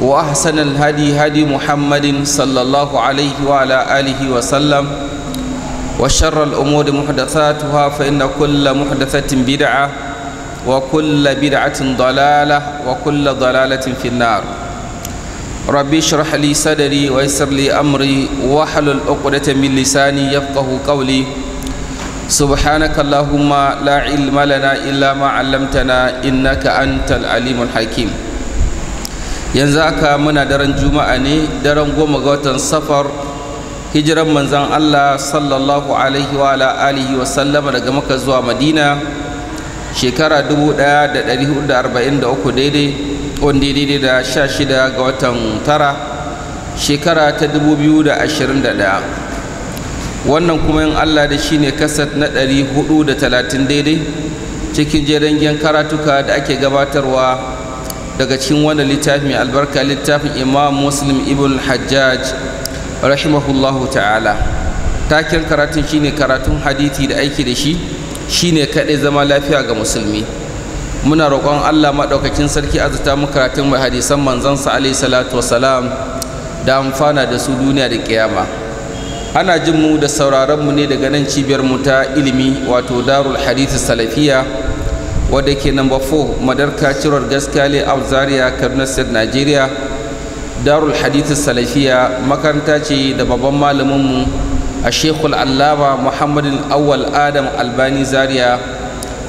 وأحسن الهدي هدي محمد صلى الله عليه وعلى آله وسلم وشر الأمور محدثاتها فإن كل محدثة بدعة وكل بدعة ضلالة وكل ضلالة في النار ربي اشرح لي صدري ويسر لي أمري واحلل عقدة من لساني يفقه قولي سبحانك اللهم لا علم لنا إلا ما علمتنا إنك أنت العليم الحكيم yanzu aka muna daren juma'a ne daren goma ga watan safar hijiran manzan allah sallallahu alaihi wa alihi wa sallama daga maka zuwa madina shekara 1443 daidai wanda daidai da 16 ga watan tara shekara ta 2021 wannan kuma yin allah da shine kasat na 430 daidai cikin jerengen karatuka da ake gabatarwa daga cikin wannan littafi mai albarka littafin imam muslim ibn hajjaj rahimahullahu ta'ala taken karatun shine karatun hadithi da aiki da shi shine kaɗai zama lafiya ga musulmi muna roƙon allah maɗaukakin sarki azuta mu karatun mai hadisan manzansa alaihi salatu wasalam da amfana da su duniya da kiyama ana jin mu da sauraron mu ne daga nan cibiyar mu ta ilimi wato darul hadith salafiya wadda ke number 4 madar cirar gaskali a zaria kaduna state nigeria darul hadithu salafiya makaranta ce da babban malaminmu a shekul allama muhammadin awal adam albani zaria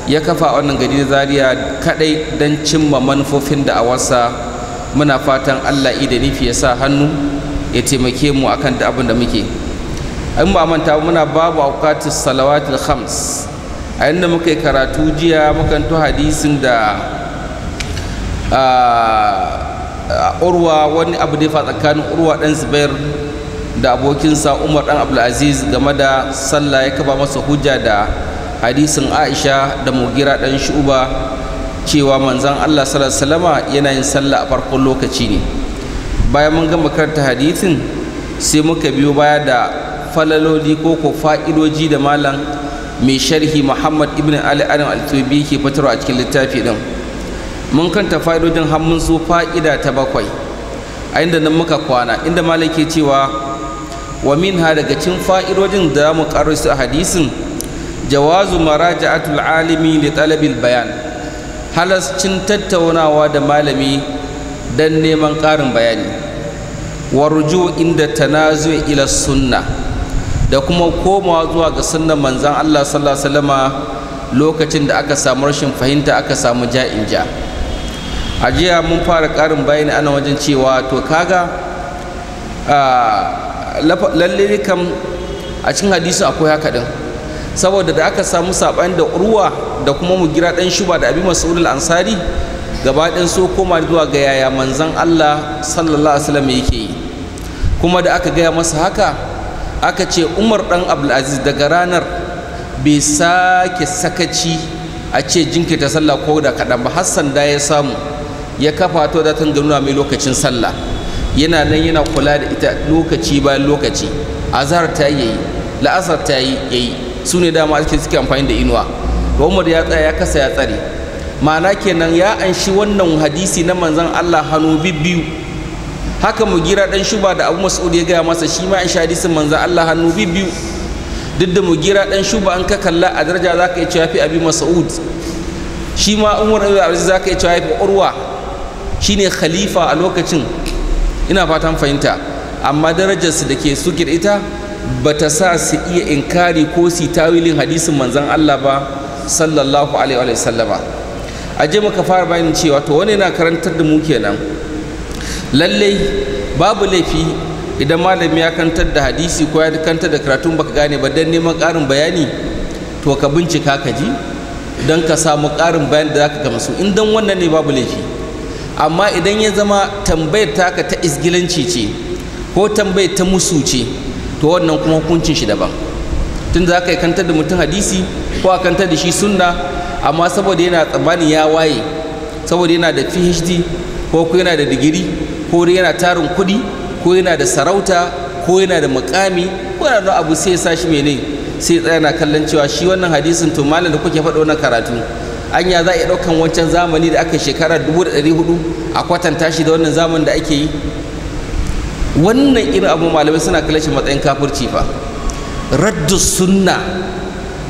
ya kafa wannan gari zariya kadai don cimma manufofin da awarsa muna fatan allah ida nufi ya sa hannu ya taimake mu akan da abin da muke in ba manta muna babu auqatus salawatul khams a yadda muka yi karatu jiya muka to hadisin da urwa wani abu da ya tsakanin urwa ɗan zubair da abokinsa umar dan abdulaziz game da sallah ya kaba masa hujja da hadisin aisha da mugira dan shuba cewa manzan allah salama yana yin sallah a farkon lokaci ne bayan mun gama karanta hadisin sai muka biyo baya da falaloli ko ko fa'idoji da malam mai sharhi muhammad ibn ali Adan al-tubi yake fitarwa a cikin littafi ɗin mun kanta fa'idodin hannun su fa'ida ta bakwai a inda nan muka kwana inda malai ke cewa wa min ha daga cin fa'idodin da mu karo su a hadisin jawazu maraja'atul alimi da talabil bayan Halarcin tattaunawa da malami don neman ƙarin bayani warju inda tanazu ila sunna da kuma komawa zuwa ga sunnan manzan Allah sallallahu alaihi wasallam lokacin da aka samu rashin fahimta aka samu ja'in ja a jiya mun fara ƙarin bayani ana wajen cewa to kaga lalle kam a cikin hadisi akwai haka din saboda da aka samu saɓani da ruwa da kuma mu gira ɗan shuba da abi mas'ud ansari gaba ɗin so koma zuwa ga yaya manzan Allah sallallahu alaihi wasallam yake yi kuma da aka gaya masa haka aka ce umar ɗan abdulaziz daga ranar bai sake sakaci a ce jinkirta sallah ko da kaɗan ba hassan da ya samu ya kafa to da tun nuna mai lokacin sallah yana nan yana kula da ita lokaci bayan lokaci azhar ta yi la'asar ta yi yayi su ne dama ake suke amfani da inuwa umar ya tsaya ya kasa ya tsare ma'ana kenan ya anshi wannan hadisi na manzon allah hannu bibbiyu haka mu gira dan shuba da abu mas'ud ya gaya masa shi ma in hadisin manzan Allah hannu biyu duk da mugira dan shuba an ka kalla a daraja za ka yi cewa fi abi mas'ud shi ma umar ibn aziz za ka yi cewa fi urwa shine khalifa a lokacin ina fatan fahimta amma darajarsu da ke su da ita bata sa su iya inkari ko su tawilin hadisin manzan Allah ba sallallahu alaihi wa sallama aje muka fara bayanin cewa to wani yana karantar da mu kenan lallai babu laifi idan malami ya kantar da hadisi ko ya kantar da karatun baka gane ba don neman ƙarin bayani to ka bincika ka ji don ka samu ƙarin bayani da zaka gamsu in dan wannan ne babu laifi amma idan ya zama tambayar taka ta isgilanci ce ko tambayar ta musu ce to wannan kuma hukuncin shi daban tun za ka kantar da mutum hadisi ko a kantar da shi sunna amma saboda yana tsammani ya waye saboda yana da phd ko yana da digiri ko yana tarin kuɗi ko yana da sarauta ko yana da mukami ko yana da abu sai ya sa shi mene sai tsaya na kallon cewa shi wannan hadisin to malam da kuke faɗo na karatu anya za a iya ɗaukan wancan zamani da aka shekara dubu da ɗari hudu a kwatanta shi da wannan zaman da ake yi wannan irin abu malamai suna kallon shi matsayin kafirci fa raddu sunna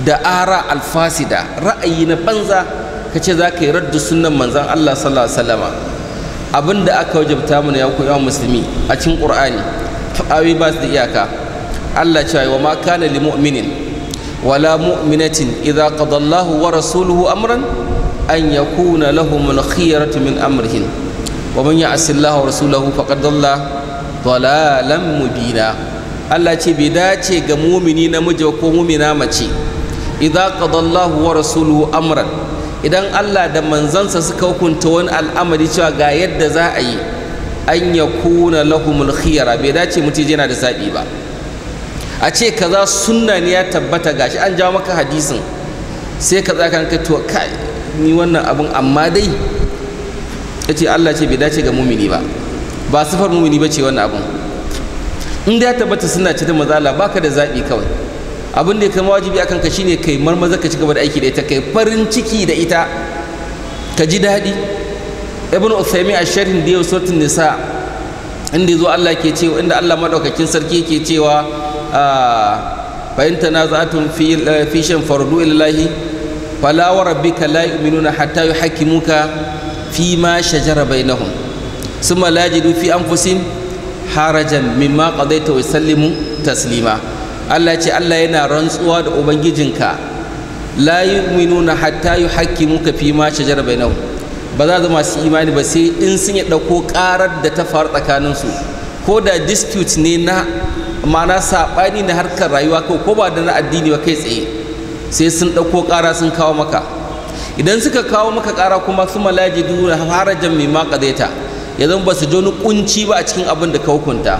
da ara alfasida ra'ayi na banza kace za ka yi raddu sunnan manzon Allah sallallahu alaihi wasallama abin da aka wajabta mana ya koya musulmi a cikin qur'ani ayoyi ba su da iyaka Allah cewa wa ma kana lil mu'minin wala mu'minatin idza qada Allahu wa rasuluhu amran an yakuna lahumul khiyaratu min amrihim wa man ya'si Allah wa rasulahu faqad dalla dalalan mubina Allah ce bai dace ga mumini namiji ko mumina mace idza qada Allahu wa rasuluhu amran idan Allah da manzansa suka hukunta wani al'amari cewa ga yadda za a yi an ya kuna lahumul khiyara bai dace mutum yana da zaɓi ba a ce kaza sunna ne ya tabbata gashi an jawo maka hadisin sai ka za ka to kai ni wannan abun amma dai ce Allah ce bai dace ga mumini ba ba sifar mumini ce wannan abun in da ya tabbata suna ce ta mazala baka da zaɓi kawai abin da ya kama wajibi akan ka shine kai marmaza ka ci gaba da aiki da ita kai farin ciki da ita ka ji daɗi ibn usaimi a sharhin da yau suratul nisa inda zo Allah ke cewa inda Allah madaukakin sarki ke cewa ah, fa na tanaza'tum fi fi shan fardu ilallahi fala wa rabbika la yu'minuna hatta muka fi ma shajara bainahum thumma la yajidu fi anfusihim harajan mimma qadaita wa sallimu taslima Allah ce Allah yana rantsuwa da ubangijinka la yu'minuna hatta ka fi ma shajara bainahu ba za zama su imani ba sai in sun ya ɗauko ƙarar da ta faru su ko da dispute ne na ma'ana saɓani na harkar rayuwa ko ko ba da na addini ba kai tsaye sai sun ɗauko ƙara sun kawo maka idan suka kawo maka ƙara kuma su malaji dura harajan mai ma ƙazaita ya ba su ji kunci ba a cikin abin da ka hukunta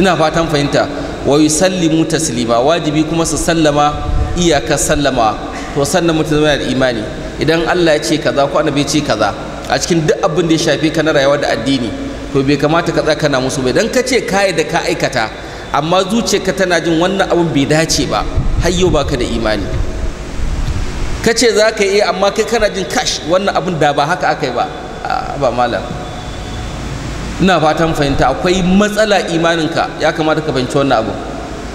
ina fatan fahimta wa yusallimu taslima wajibi kuma su sallama iyaka sallama to sannan mutum zama da imani idan Allah ya ce kaza ko annabi ya ce kaza a cikin duk abin da ya shafi ka na rayuwa da addini to bai kamata ka tsaka na musu ba idan ka ce kai da ka aikata amma ka tana jin wannan abin bai dace ba har yau baka da imani ka ce za ka yi amma kai kana jin kash wannan abin da ba haka aka yi ba ba malam ina fatan fahimta akwai matsala imaninka ya kamata ka fahimci wannan abu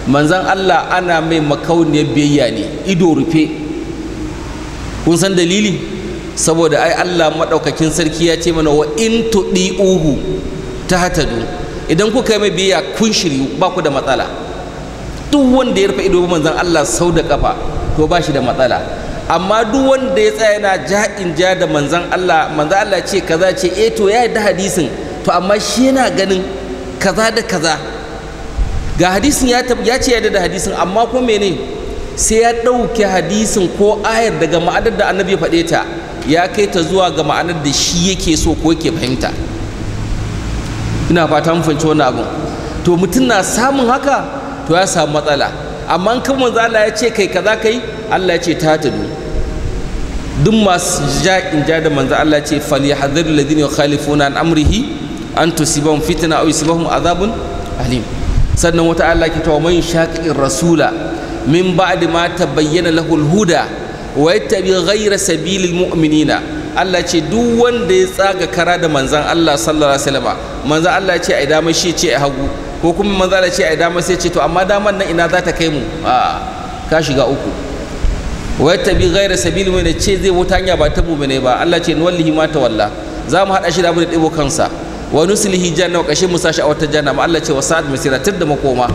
manzan Allah ana mai makauniyar biyayya ne ido rufe kun san dalili saboda ai Allah maɗaukakin sarki ya ce mana wa in ta hatadu idan kuka yi mai biyayya kun shiryu ba ku da matsala duk wanda ya rufe ido manzan Allah sau da kafa to ba shi da matsala amma duk wanda ya tsaya yana ja'in ja da manzan Allah manzan Allah ce kaza ce eh to ya yi da hadisin to amma shi yana ganin kaza da kaza ga hadisin ya ya ce yadda da hadisin amma ko mene sai ya ɗauke hadisin ko ayar daga ma'anar da annabi ya faɗe ta ya kai ta zuwa ga ma'anar da shi yake so ko yake fahimta ina fata mun fahimci wannan abin to mutum na samun haka to ya samu matsala amma in kan manzo Allah ya ce kai kaza kai Allah ya ce ta tadu duk masu ja in ja da manzo Allah ya ce fal yahzir alladhina yukhalifuna an amrihi an tusibahum fitna aw yusibahum azabun alim sannan wata Allah ke tawa man shaqir rasula min ba'di ma tabayyana lahu al-huda wa yattabi ghayra sabilil mu'minina Allah ce duk wanda ya tsaga kara da manzan Allah sallallahu alaihi wasallam manzan Allah ce ai dama shi ce ai hagu ko kuma manzan Allah ce ai dama sai ce to amma daman nan ina za ta kai mu a ka shiga uku wa yattabi ghayra sabili mu ce zai wuta hanya ba ta mu ba Allah ce wallahi ma ta walla za mu hada shi da abin da ɗebo kansa wa nuslihi janna wa kashe musashi a wata janna Allah ce wa sa'ad masira tir da makoma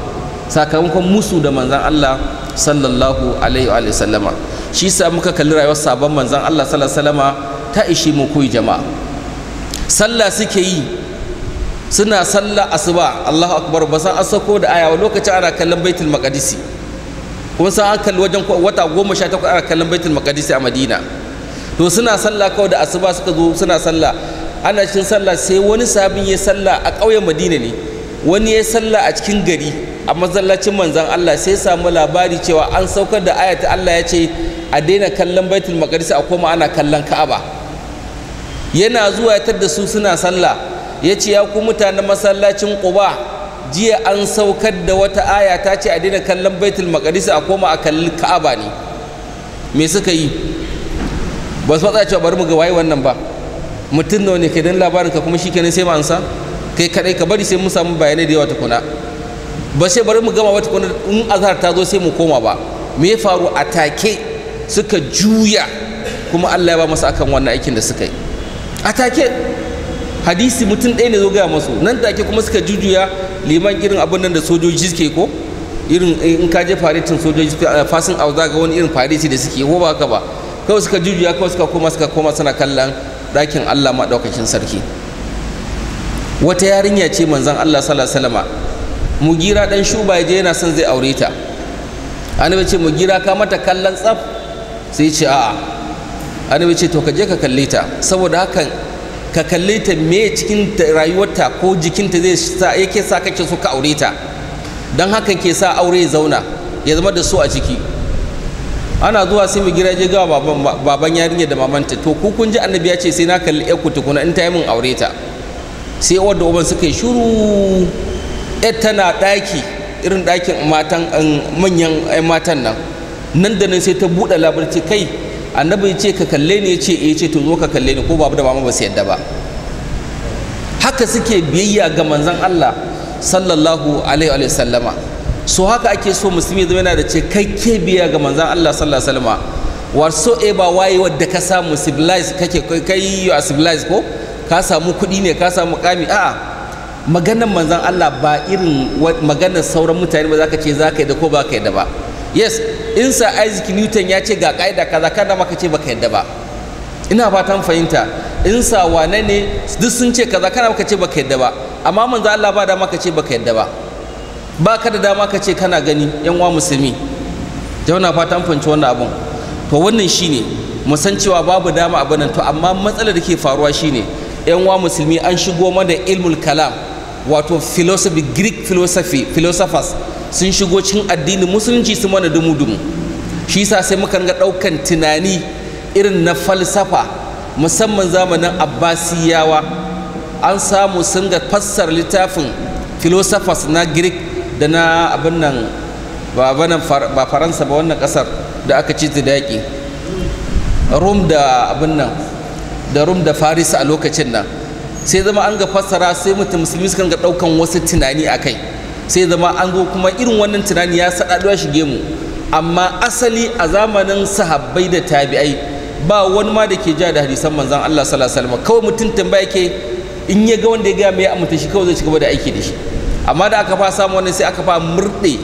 sakamakon musu da manzan Allah sallallahu alaihi wa sallama shi sa muka kalli rayuwar sabon manzan Allah sallallahu alaihi wa sallama ta ishe mu koyi jama'a sallah suke yi suna sallah asuba Allahu akbar ba san asako da aya lokacin ana kallon baitul maqdisi kun san an kalli wajen wata goma sha takwas ana kallon baitul maqdisi a Madina to suna sallah kawai da asuba suka zo suna sallah ana cikin sallah sai wani sabin ya sallah a ƙauyen madina ne wani ya sallah a cikin gari a masallacin manzan Allah sai samu labari cewa an saukar da ayata Allah ya ce a daina kallon baitul maqdis a koma ana kallon ka'aba yana zuwa ya da su suna sallah ya ce ya ku mutanen masallacin quba jiya an saukar da wata aya ta ce a daina kallon baitul maqdis a koma a kallon ka'aba ne me suka yi ba su matsa cewa bari mu ga waye wannan ba mutum nawa ne kai dan labarin ka kuma shi kenan sai ma'ansa kai kadai ka bari sai mun samu bayanai da yawa tukuna ba sai bari mu gama wata kuna in azhar ta zo sai mu koma ba me ya faru a take suka juya kuma Allah ya ba masu akan wannan aikin da suka yi a take hadisi mutum ɗaya ne zo gaya masu nan take kuma suka jujuya liman irin abin nan da sojoji suke ko irin eh, in ka je faritin sojoji eh, fasin auza ga wani irin fareti da suke ko ba haka ba kawai suka jujuya kawai suka koma suka koma suna kallon Dakin Allah maɗaukakin sarki wata yarinya ce manzon Allah sallallahu alaihi wasallama mugira dan shuba je yana son zai aure ta annabi ce mugira ka mata kallon tsaf sai ce a'a annabi ce to ka je ka kalle ta saboda hakan ka kalle ta me cikin rayuwarta ko jikinta zai sa yake sa kake so ka aure ta dan hakan ke sa aure ya zauna ya zama da su a ciki ana zuwa sai mu giraje ga baban baban yarinya da mamanta to ku kun ji annabi ya ce sai na kalli ƴar ku tukuna in ta yi min aure ta sai uwar da uban suka yi shiru ƴar tana daki irin dakin matan um, manyan matan nan nan da nan sai ta buɗe labarci kai annabi ya ce ka kalle ni ya ce eh ce to zo ka kalle ni ko babu da mama ba su yadda ba haka suke biyayya ga manzon Allah sallallahu alaihi wa sallama so haka ake so musulmi zama yana da cikakke biya ga manzan Allah sallallahu alaihi wasallam ba waye wadda ka samu civilized kake kai you are civilized ko ka samu kuɗi ne ka samu mukami a'a maganar manzan Allah ba irin maganar sauran mutane ba zaka ce zaka yadda ko ba ka yadda ba yes in sa Isaac Newton ya ce ga kaida kaza kada maka ce baka yadda ba ina fatan fahimta in sa wane ne duk sun ce kaza kana maka ce baka yadda ba amma manzan Allah ba da maka ce baka yadda ba ba ka da dama ka ce kana gani yan wa musulmi na fata an fahimci wannan abun to wannan shine mu san cewa babu dama a nan to amma matsalar da ke faruwa shine yan wa musulmi an shigo mana ilmul kalam wato philosophy greek philosophy philosophers sun shigo cikin addinin musulunci su mana dumu dumu shi yasa sai muka ga daukan tunani irin na falsafa musamman zamanin abbasiyawa an samu sun ga fassar littafin philosophers na greek da na abin nan ba ba faransa ba wannan kasar da aka ci ta daƙi rum da abin nan da rum da faris a lokacin nan sai zama an ga fassara sai mutum musulmi suka ga ɗaukan wasu tunani a kai sai zama an go kuma irin wannan tunani ya saɗaɗuwa shige mu amma asali a zamanin sahabbai da tabi'ai ba wani ma da ke ja da hadisan manzon Allah sallallahu alaihi wasallam kawai mutum tambaya ke in ya ga wanda ya ga mai amince shi kawai zai ci gaba da aiki da shi amma da aka fa samu wannan sai aka fa murɗe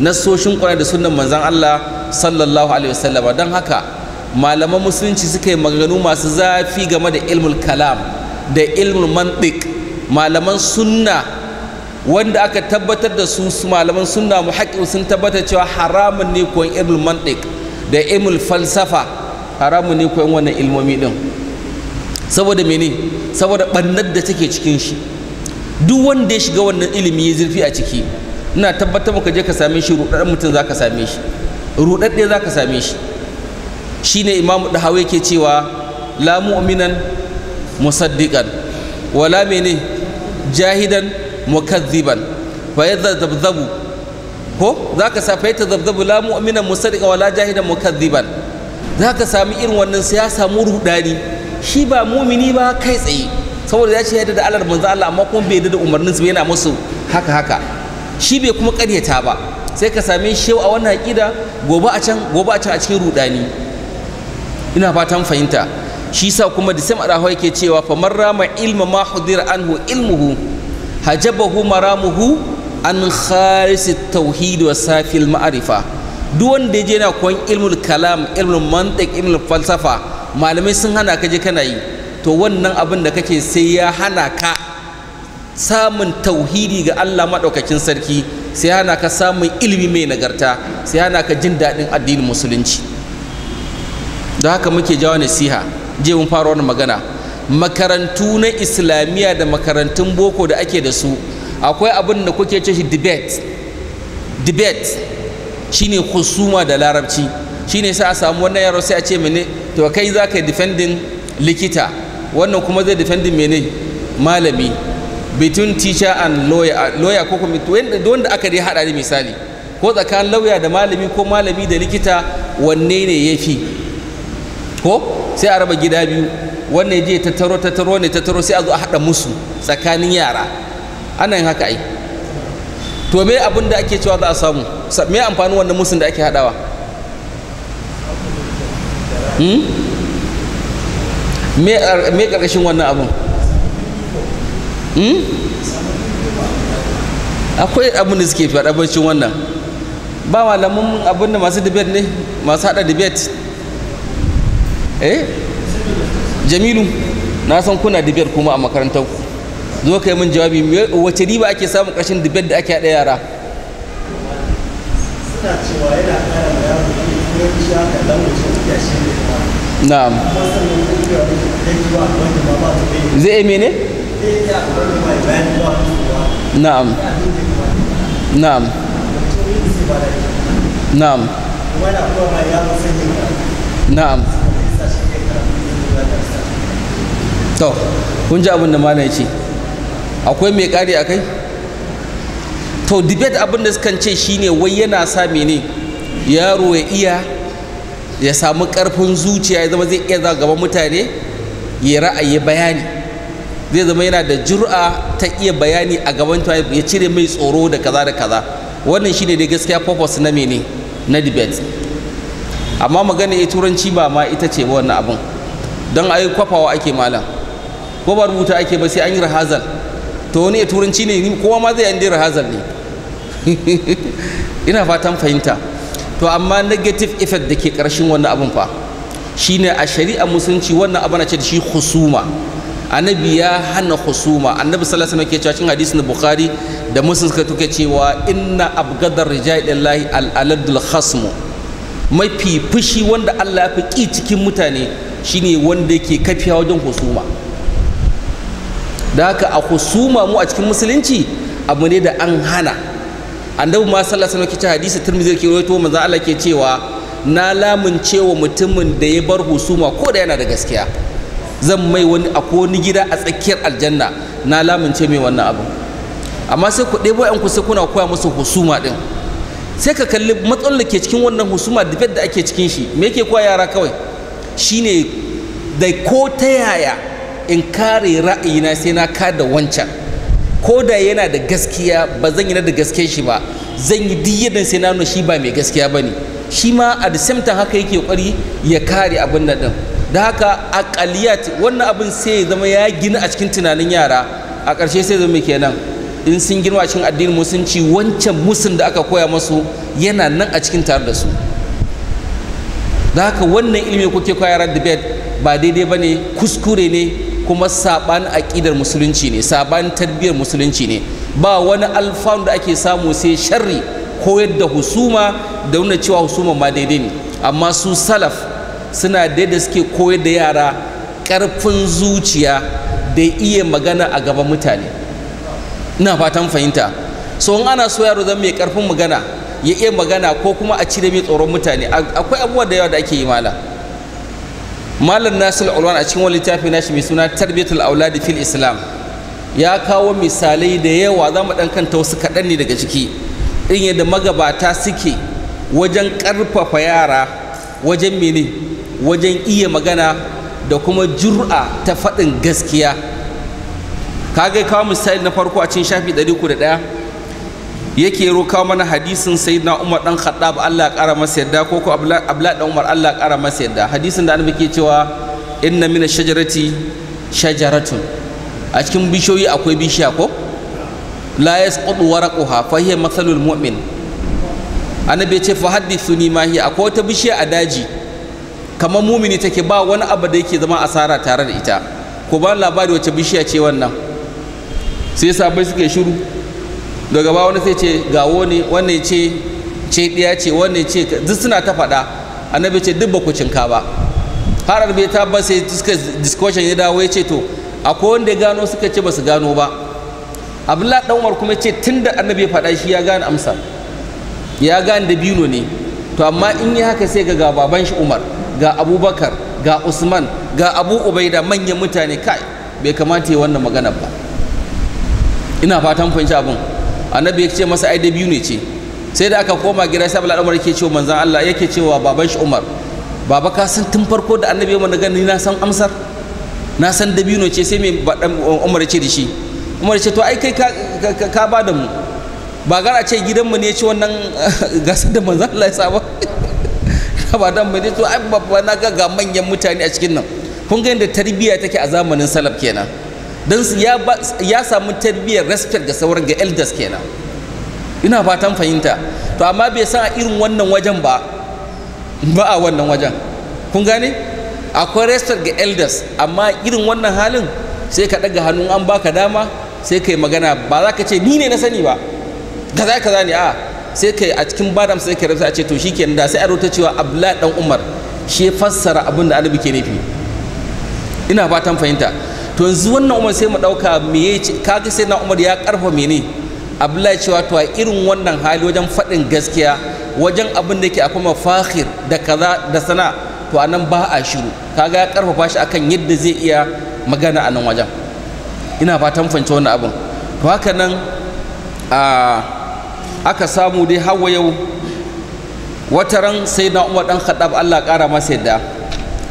nassoshin ƙwarai da sunnan manzon Allah sallallahu alaihi wasallama don haka malaman musulunci suka yi maganganu masu zafi game da ilmul kalam da ilmul mantiq malaman sunna wanda aka tabbatar da su malaman sunna muhaqqi sun tabbatar cewa haramun ne koyon ilmul mantiq da ilmul falsafa haramun ne koyon wannan ilmomi din saboda mene saboda bannar da take cikin shi duk wanda ya shiga wannan ilimi ya zurfi a ciki ina tabbatar maka je ka same shi rudadden mutum za ka same shi rudadde za ka same shi shine imamu dahawa ke cewa la mu'minan musaddiqan wala mene jahidan mukazziban fa zabzabu ko za ka sa fa zabzabu la mu'minan musaddiqan wala jahidan mukazziban za ka sami irin wannan sai ya samu rudani shi ba mumini ba kai tsaye saboda ya ce yadda da Allah da manzo Allah amma kuma bai da umarnin su yana musu haka haka shi bai kuma karyata ba sai ka same shi a wannan aqida gobe a can gobe a can a cikin rudani ina fatan fahimta shi sa kuma da sai madawa yake cewa fa ma ilma ma hudira anhu ilmuhu hajabahu maramuhu an khalis at-tauhid wa safil ma'rifa duk wanda je yana koyon ilmul kalam ilmul mantiq ilmul falsafa malamai sun hana ka je kana yi to wannan abin da kake sai ya hana ka samun tauhidi ga Allah maɗaukakin sarki sai hana ka samun ilimi mai nagarta sai hana ka jin daɗin addinin musulunci don haka muke jawo nasiha je mun fara wannan magana makarantu na islamiyya da makarantun boko da ake da su akwai abin da kuke ce shi debate debate shine husuma da larabci shine sai a samu wannan yaro sai a ce mene to kai za ka yi defending likita wannan kuma zai defending mene malami between teacher and lawyer lawyer ko kuma wanda aka dai hada ne misali ko tsakanin lauya da malami ko malami da likita wanne ne yafi ko sai a raba gida biyu wannan je tattaro tattaro ne tattaro sai a zo a hada musu tsakanin yara ana yin haka ai to me abin da ake cewa za a samu me amfanin wannan musun da ake hadawa hmm? me karkashin wannan abun hmm? akwai abin da suke faɗa bacin wannan ba malamin abin da masu debate ne masu haɗa debate eh jamilu na san kuna debate kuma a makarantar ku zo ka yi min jawabi wace riba ake samun ƙarshen debate da ake haɗa yara na'am zai ne? na'am na'am na'am na'am to kun ji abin da malam ce akwai mai kari akai to debate abin da suka ce shine wai yana sa mene yaro ya iya ya samu karfin zuciya ya zama zai iya za gaban mutane ya ra'ayi bayani zai zama yana da jur'a ta iya bayani a gaban ta ya cire mai tsoro da kaza da kaza wannan shine dai gaskiya purpose na mene na debate amma magana ya turanci ba ma ita ce wannan abun don a yi kwafawa ake malam ko ba rubuta ake ba sai an yi rahazal to wani ya turanci ne kowa ma zai yi rahazal ne ina fatan fahimta to amma negative effect da ke ƙarshen wannan abun fa shine a shari'a musulunci wannan abana ce da shi husuma annabi ya hana husuma annabi sallallahu alaihi wasallam ke cewa cikin hadisin bukhari da muslim suka tuke cewa inna abgadar rijalillahi al-aladul khasm mafi fushi wanda Allah ya fi ki cikin mutane shine wanda yake kafiya wajen husuma da haka a husuma mu a cikin musulunci abu ne da an hana annabi ma sallallahu alaihi wasallam ke cewa hadisi tirmidhi ke rawaito manzo Allah ke cewa na lamunce wa mutumin da ya bar husuma ko da yana da gaskiya zan mai wani ako wani gida a tsakiyar aljanna na lamince mai wannan abu amma sai ku ɗebo yanku sai kuna koya musu husuma ɗin sai ka kalli matsalar da ke cikin wannan husuma da da ake cikin shi me yake koya yara kawai shine da ko ta yaya in kare ra'ayina sai na ka da wancan ko da yana da gaskiya ba zan yi na da gaskiyar shi ba zan yi duk sai na nuna shi ba mai gaskiya ba ne shi ma a da haka yake kwari ya kare abin nan din da haka aqaliyat wannan abin sai zama ya gina a cikin tunanin yara a ƙarshe sai zama kenan in sun girma cikin addinin musulunci wancan musun da aka koya masu yana nan a cikin tare da su da haka wannan ilimi kuke koya yara bed ba daidai ba ne kuskure ne kuma saɓan aƙidar musulunci ne saɓan tarbiyyar musulunci ne ba wani alfanu da ake samu sai sharri koyar da husuma da nuna cewa husuma ma daidai ne amma su salaf suna da suke koyar da yara ƙarfin zuciya da iya magana a gaban mutane ina fatan fahimta so in ana so yaro zan mai ƙarfin magana ya iya magana ko kuma a cire mai tsoron mutane akwai abubuwa da yawa da ake yi mala malam nasir alwan a cikin wani littafi nashi mai suna tarbiyatul auladi fil islam ya kawo misalai da yawa za mu ɗan kanta wasu kaɗan ne daga ciki In yadda magabata suke wajen ƙarfafa yara wajen mene wajen iya magana da kuma jur'a ta faɗin gaskiya kaga kawo misali na farko a cikin shafi 301 yake roka mana hadisin sayyidina Umar dan Khattab Allah ya kara masa yadda ko ko Abla dan Umar Allah ya kara masa yadda hadisin da annabi ke cewa inna mina shajarati shajaratun a cikin bishiyoyi akwai bishiya ko la yasqutu waraquha fa hiya mathalul mu'min annabi ya ce fa hadithuni ma hiya akwai wata bishiya a daji kamar mumini take ba wani abu da yake zama asara tare da ita ko ba labari wacce bishiya ce wannan sai sabai suke shiru daga ba wani sai ce gawo ne wannan ce ce diya ce wannan ce duk suna ta faɗa annabi ce duk ba ku cinka ba har arbe ta ba sai suka discussion ya dawo ya ce to akwai wanda ya gano suka ce ba su gano ba abdullahi dan umar kuma ce tunda annabi ya faɗa shi ya gane amsa ya gane dabino ne to amma in yi haka sai ga baban shi umar ga abubakar ga usman ga abu ubaida manyan mutane kai bai kamata yi wannan magana ba ina fatan fahimci abin annabi ya ce masa ai biyu ne ce sai da aka koma gida sai abdullahi umar cewa manzan Allah yake cewa baban shi umar baba ka san tun farko da annabi ya magana gani na san amsar na san dabino ce sai mai umar ce da shi umar ce to ai kai ka ba da mu ba gara ce gidanmu ne ci wannan gasar da manzan Allah ya saba ba dan mai to ai babba na ga ga manyan mutane a cikin nan kun ga yadda tarbiyya take a zamanin salaf kenan dan ya ya samu tarbiyyar respect ga sauran ga elders kenan ina fatan fahimta to amma bai san a irin wannan wajen ba ba a wannan wajen kun gane akwai respect ga elders amma irin wannan halin sai ka daga hannun an baka dama sai kai magana ba za ka ce ni ne na sani ba kaza kaza ne a sai kai a cikin badam sai kai rabsa a ce to shikenan da sai a rota cewa abla dan umar shi fassara abin da annabi ke nufi ina fatan fahimta to yanzu wannan umar sai mu dauka me kaga sai na umar ya karfa mene abla cewa to a irin wannan hali wajen fadin gaskiya wajen abin da yake akwai mafahir da kaza da sana to anan ba a shiru kaga ya karfafa shi akan yadda zai iya magana a nan wajen ina fatan fahimta wannan abin to haka nan a aka samu dai hawa yau wata ran sai na umar dan khattab Allah ƙara masa yadda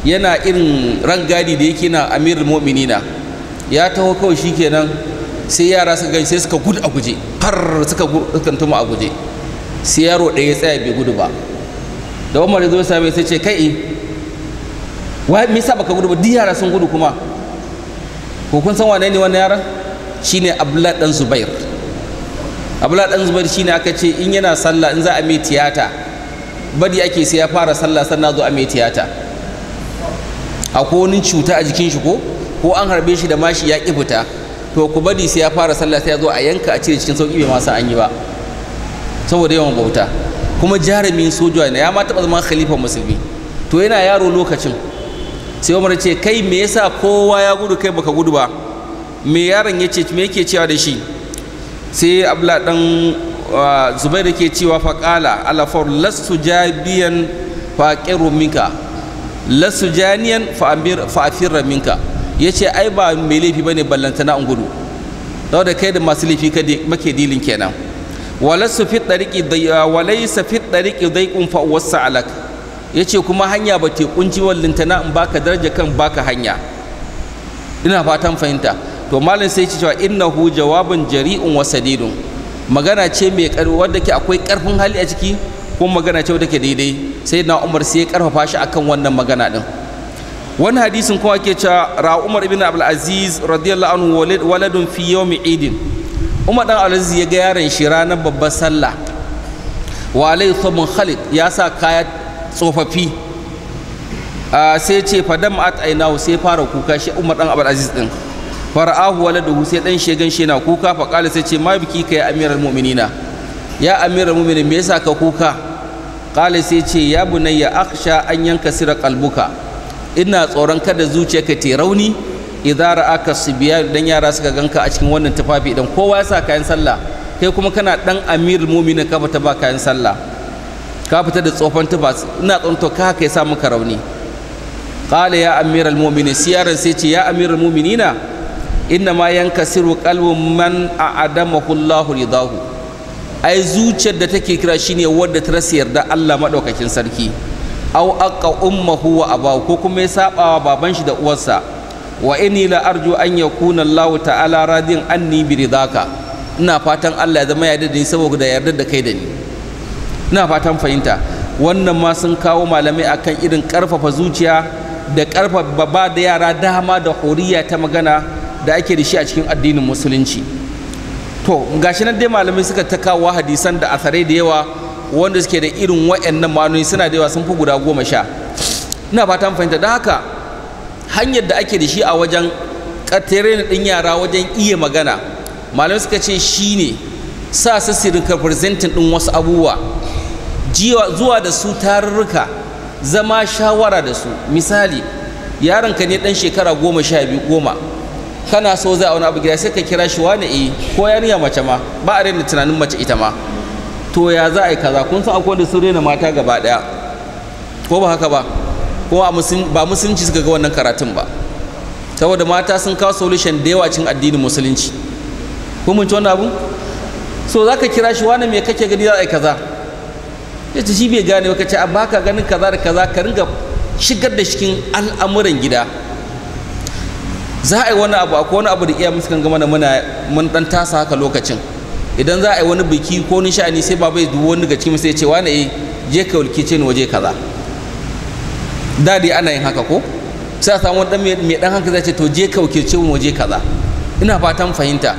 yana irin ran gadi da yake na amir mu'minina ya taho kawai shikenan sai yara suka gani sai suka gudu a guje har suka tuma a guje sai yaro ɗaya ya tsaya bai gudu ba da umar ya zo ya same sai ce kai wa me yasa baka gudu ba duk yara sun gudu kuma ko kun san wane ne wannan yaran shine abdullahi dan zubair abula dan shi shine aka ce in yana sallah in za a mai tiyata bari ake sai ya fara sallah sannan zo a mai tiyata akwai wani cuta a jikin shi ko ko an harbe shi da mashi ya ki fita to ku bari sai ya fara sallah sai ya zo a yanka a cire cikin sauƙi bai ma an yi ba saboda yawan bauta kuma jarumin sojoji ne ya ma taɓa zama khalifa musulmi to yana yaro lokacin sai umar ce kai me yasa kowa ya gudu kai baka gudu ba me yaron yace me yake cewa da shi sai abla dan zubair ke cewa faƙala alafar lasu jabiyan faƙiru minka lasu janiyan fa'afirra minka ya ce ai ba mai laifi ba ne ballantana in gudu da kai da masu laifi make dilin kenan walasu fi ɗariƙi walaisa fi ɗariƙi daiƙun fa'uwarsa alak ya ce kuma hanya ba te kunci wallintana in baka daraja kan baka hanya ina fatan fahimta to malin sai ce cewa hu jawabun jari'un wa sadidun magana ce mai karfi wadda ke akwai karfin hali a ciki ko magana ce wanda ke daidai sai na umar sai ya karfafa shi akan wannan magana din wani hadisin kuma ke cewa ra umar ibn abul aziz radiyallahu anhu waladun fi yawmi idin umar dan Aziz ya ga yaron shi ranar babbar sallah wa alai thumun khalid ya sa kaya tsofaffi ah, sai ce fadam at ainahu sai fara kuka shi umar dan abul aziz din fara'ahu waladuhu sai dan shegan shi na kuka fa qala sai ce ma biki kai amiral mu'minina ya amiral mu'minin me yasa ka kuka qala sai ce ya bunayya akhsha an yanka sira qalbuka ina tsoron kada zuciyarka ta rauni idza ra'aka sibiya dan yara suka ganka a cikin wannan tufafi idan kowa ya sa kayan sallah kai kuma kana dan amirul mu'minin ka fita ba kayan sallah ka fita da tsofan tufa ina tsoron to ka kai sa muka rauni qala ya amirul mu'minin siyaran sai ce ya amirul mu'minina inna ma yankasiru qalbu man a'adamahu Allahu ridahu ai zuciyar da take kira shine wadda ta rasa yarda Allah madaukakin sarki aw aqqa ummuhu wa abahu ko kuma ya saba wa baban shi da uwarsa wa inni la arju an yakuna Allah ta'ala radin anni bi ridaka ina fatan Allah ya zama yarda da ni saboda yarda da kai da ni ina fatan fahimta wannan ma sun kawo malamai akan irin karfafa zuciya da karfafa ba da yara dama da horiya ta magana da ake da shi a cikin addinin musulunci to gashi nan dai malamai suka ta kawo hadisan da asarai da yawa wanda suke da irin wa'annan ma'anoni suna da yawa sun fi guda goma sha ina fatan fahimta don haka hanyar da ake da shi a wajen na din yara wajen iya magana malamai suka ce shine sa su su presentin din wasu abubuwa zuwa da su tarurruka zama shawara da su misali yaronka ne dan shekara goma sha biyu goma kana so za a wani abu gida sai ka kira shi wani eh ko yarinya mace ma ba a rena tunanin mace ita ma to ya za a yi kaza kun san akwai da sun rena mata gaba daya ko ba haka ba ko ba musulunci suka ga wannan karatun ba saboda mata sun kawo solution da yawa cin addinin musulunci kun mun wannan abu so za ka kira shi wani me kake gani za a yi kaza ya shi bai gane ba ka ce a baka ganin kaza da kaza ka ringa shigar da cikin al'amuran gida za a yi wani abu akwai wani abu da iya musu kan gama da muna mun dan tasa haka lokacin idan za a yi wani biki ko ni sha'ani sai baba ya dubo wani gaci cikin sai ya ce wani eh, je ka ce ni waje kaza da dai ana yin haka ko sai a samu wani mai dan haka zai ce to je ka ce mu waje kaza ina fatan fahimta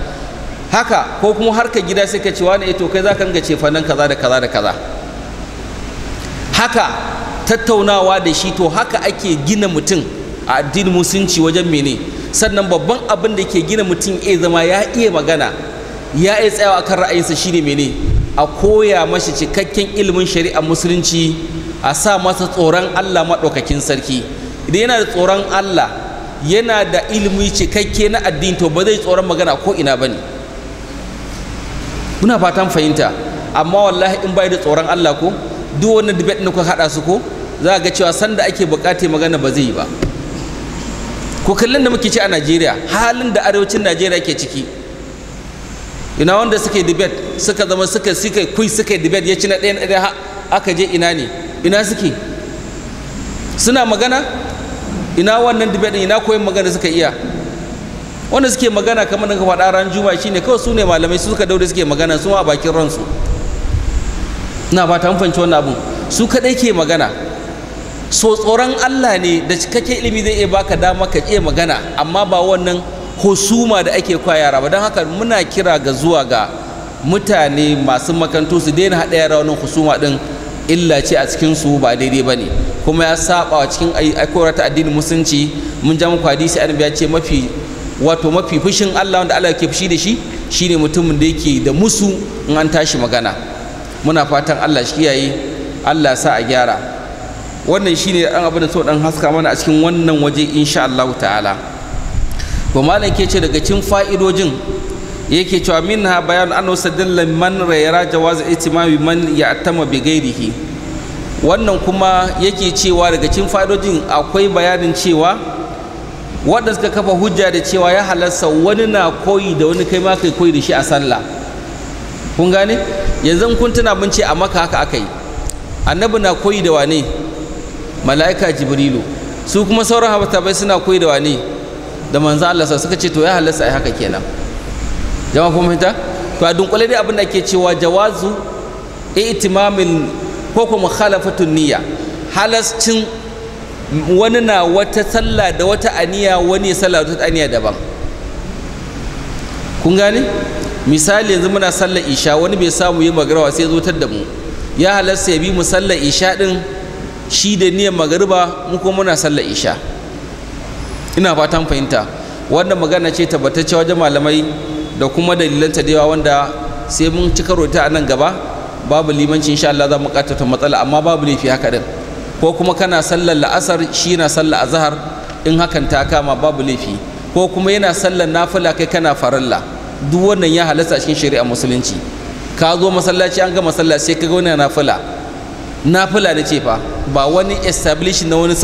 haka ko kuma ka gida sai ka ce wani eh, to kai za ka ga fannin kaza da kaza da kaza haka tattaunawa da shi to haka ake gina mutum a addinin musunci wajen mene sannan babban abin da ke gina mutum ya zama ya iya magana ya iya tsayawa akan ra'ayinsa shine mene a koya mashi cikakken ilimin shari'a musulunci a sa masa tsoron Allah maɗaukakin sarki idan yana da tsoron Allah yana da ilimi cikakke na addini to ba zai tsoron magana ko ina ba ne muna fatan fahimta amma wallahi in bai da tsoron Allah ko duk wani dubet na kuka haɗa su ko za ga cewa sanda ake buƙatar magana ba zai yi ba ko kallon da muke ci a najeriya halin da arewacin najeriya ke ciki ina wanda suka yi debate suka zama suka suka kui suka yi debate ya ci na ɗayan ɗaya aka je ina ne ina suke suna magana ina wannan debate ina koyon magana suka iya wanda suke magana kamar da ka faɗa ran juma shine kawai su ne malamai su suka daure suke magana su ma a bakin ransu ina ba ta fahimci wannan abun su kaɗai ke magana so tsoron Allah ne da cikakken ilimi zai iya baka dama ka iya magana amma ba wannan husuma da ake kwa yara ba don haka muna kira ga zuwa ga mutane masu makantu su daina haɗa yara wannan husuma ɗin illa ce a cikin su ba daidai ba ne kuma ya saba a cikin aikowar ta addinin musulunci mun jama kwadi hadisi annabi ya ce mafi wato mafi fushin Allah wanda Allah yake fushi da shi shine mutumin da yake da musu in an tashi magana muna fatan Allah shi kiyaye Allah sa a gyara wannan shine an abin da so dan haska mana a cikin wannan waje insha Allah ta'ala to malam ke ce daga cikin fa'idojin yake cewa minha bayan an wasadalla man rayara jawaz itimami man atama bi ghairihi wannan kuma yake cewa daga cikin fa'idojin akwai bayanin cewa wanda suka kafa hujja da cewa ya halarsa wani na koyi da wani kai ma kai koyi da shi a sallah kun gane yanzu kun tuna mun ce a maka haka aka yi annabi na koyi da wane mala'ika jibrilu su kuma sauran habatabai suna koyi da wani da manzo Allah suka ce to ya halasta ai haka kenan jama'a kuma fahimta to a dunkule dai abin da ake cewa jawazu itimamin ko kuma mukhalafatun niyya halascin wani na wata sallah da wata aniya wani sallah da wata aniya daban kun gane misali yanzu muna sallar isha wani bai samu yi magarawa sai zo da mu ya halasta ya bi mu sallar isha din shi da niyan magariba mu kuma muna sallar isha ina fatan fahimta wannan magana ce tabbatacce wajen malamai da kuma dalilan ta dewa wanda sai mun ci karo a nan gaba babu limanci insha Allah za mu katata matsala amma babu laifi haka din ko kuma kana sallar la'asar shi na sallar azhar in hakan ta kama babu laifi ko kuma yana sallar nafila kai kana faralla duk wannan ya halatta cikin shari'a musulunci ka zo masallaci an ga masallaci sai ka ga wani nafila nafila na ce fa ba wani establish na wani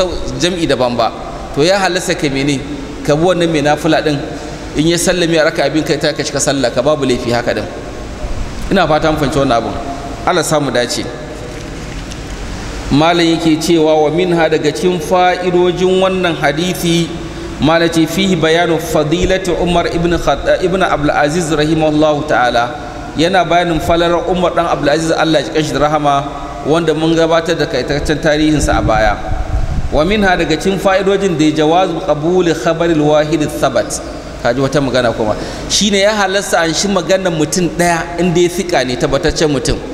jam'i daban ba to ya halasta ka mene ka bi wannan mai nafila din in ya sallame a raka abin kai ta ka cika sallah ka babu laifi haka din ina fata mun fahimci wannan abun Allah samu dace malam yake cewa wa min ha daga cikin fa'idojin wannan hadisi malam ce fihi bayanu fadilati Umar ibn Khattab ibn Abdul Aziz rahimahullahu ta'ala yana bayanin falalar Umar dan Abdul Aziz Allah ya kashi rahama wanda mun gabatar da kaitaccen tarihinsa a baya wa minha daga cikin fa'idojin da ya jawazu qabuli khabaril wahid thabat kaji wata magana kuma shine ya halasta an shi maganar mutum daya inda ya fika ne tabbataccen mutum